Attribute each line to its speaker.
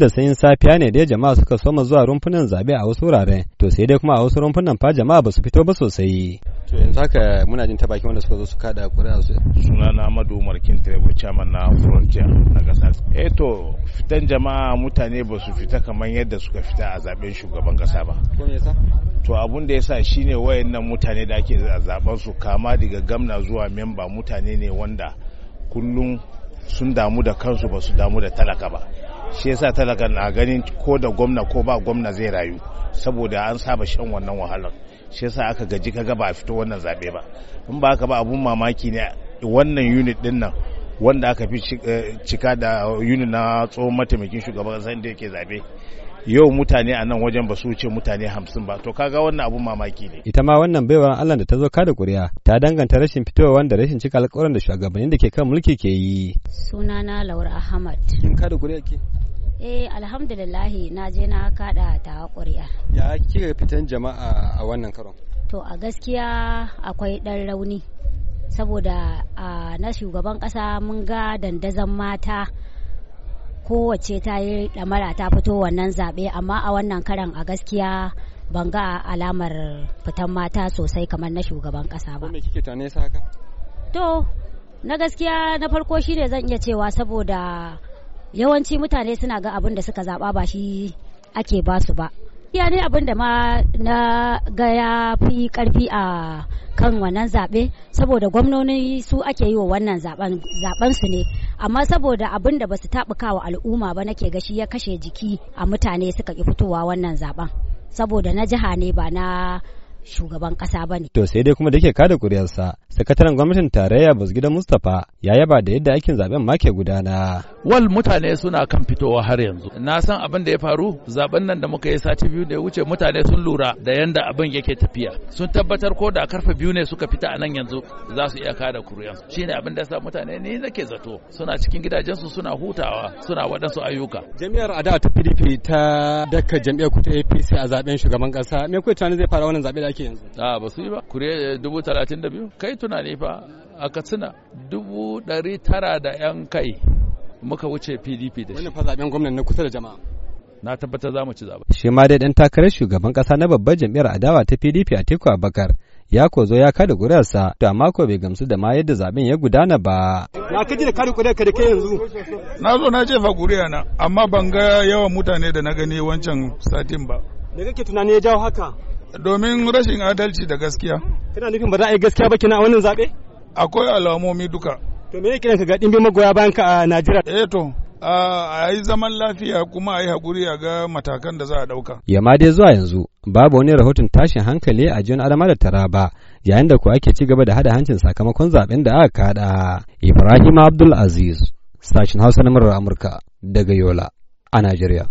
Speaker 1: da sanyin safiya ne dai jama'a suka soma zuwa rumfunan zabe a wasu wurare to sai dai kuma a wasu rumfunan fa jama'a ba su fito ba sosai to yanzu haka muna jin tabakin wanda suka zo su kada kura su
Speaker 2: suna na Madu Markin Kintrebo chairman na Frontier na kasa eh to fitan jama'a mutane ba su fita kamar yadda suka fita a zaben shugaban kasa ba ko me yasa to abun da yasa shine wayannan mutane da ake zaben su kama daga gamna zuwa memba mutane ne wanda kullum sun damu da kansu ba su damu da talaka ba shi yasa talaka na ganin ko da gwamna ko ba gwamna zai rayu saboda an saba shan wannan wahalar shi yasa aka gaji kaga ba a fito wannan zabe ba in ba haka ba abun mamaki ne wannan unit din nan wanda aka fi eh, cika da unit na tsohon mataimakin shugaban ƙasar yake zabe yau mutane a nan wajen ba su wuce mutane hamsin ba to kaga wannan abun
Speaker 3: mamaki ne
Speaker 1: ita ma wannan baiwar Allah da ta zo kada kuri'a ta danganta rashin fitowa wanda rashin cika alƙawarin da shugabannin da ke kan mulki ke yi
Speaker 3: sunana Laur Ahmad kin kada kuri'a ke eh alhamdulillah na je na kada ta kuri'a
Speaker 1: ya kike fitan jama'a a wannan karon
Speaker 3: to a gaskiya akwai dan rauni saboda ah, na shugaban kasa mun ga dandazon mata kowace ta yi ɗamara ta fito wannan zaɓe amma a wannan karan a gaskiya ban ga alamar fitan mata sosai kamar na shugaban ƙasa ba. To na gaskiya na farko shi ne zan iya cewa saboda yawanci mutane suna ga abin da suka zaɓa ba shi ake ba su ba. iya ne abin da ma na ga ya fi karfi a kan wannan zaɓe saboda gwamnoni su ake yi wa wannan zaben su ne amma saboda abin da ba basu taɓukawa al'umma ba nake shi ya kashe jiki a mutane suka ki fitowa wannan zaben saboda na jiha ne ba na shugaban ƙasa ba ne.
Speaker 1: To sai dai kuma da ke kada kuriyarsa sakataren gwamnatin tarayya basgida mustapha ya yaba da yadda aikin zaben ma ke gudana wal mutane suna kan fitowa har yanzu
Speaker 4: na san abin da ya faru zaben nan da muka yi sati biyu da ya wuce mutane sun lura da yanda abin yake tafiya sun tabbatar ko da karfe biyu ne suka fita a nan yanzu za su iya kada kuriyan shine abin da sa mutane ne nake zato suna cikin gidajensu suna hutawa suna waɗansu ayyuka
Speaker 1: jami'ar ada ta pdp ta daka jami'ar ku ta apc a zaben shugaban kasa me kuwa tunanin zai fara wannan zabe da ake yanzu
Speaker 4: a ba su yi ba kuriya eh, dubu talatin da biyu kai katsina ne fa a katsina dubu ɗari tara da yan kai muka wuce pdp da shi wani fa zaben gwamnan na kusa da jama'a na tabbatar za mu ci zaɓe.
Speaker 1: shi ma dai dan takarar shugaban kasa na babbar jam'iyyar adawa ta pdp a teku abakar ya ko zo ya kada ƙuri'arsa to amma ko bai gamsu da ma yadda zaben ya gudana ba.
Speaker 5: Na kaji da kada ƙuri'ar ka da kai yanzu. Na zo na jefa ƙuri'a na amma ban ga yawan mutane da na gani wancan satin ba. Me kake tunani ya jawo haka? domin rashin adalci da gaskiya kana nufin ba za a yi gaskiya ba kina a wannan zaɓe akwai alamomi duka to me yake ka ga ɗimbin magoya bayan ka a Najeriya eh to a yi zaman lafiya kuma a yi haƙuri a ga matakan da za a ɗauka.
Speaker 1: Yamma dai zuwa yanzu babu wani rahoton tashin hankali a jihar Adama da Taraba yayin da ku ake ci gaba da hada hancin sakamakon zaɓen da aka kada. Ibrahim
Speaker 3: Abdul Aziz, sashin Hausa na Amurka daga Yola a Najeriya.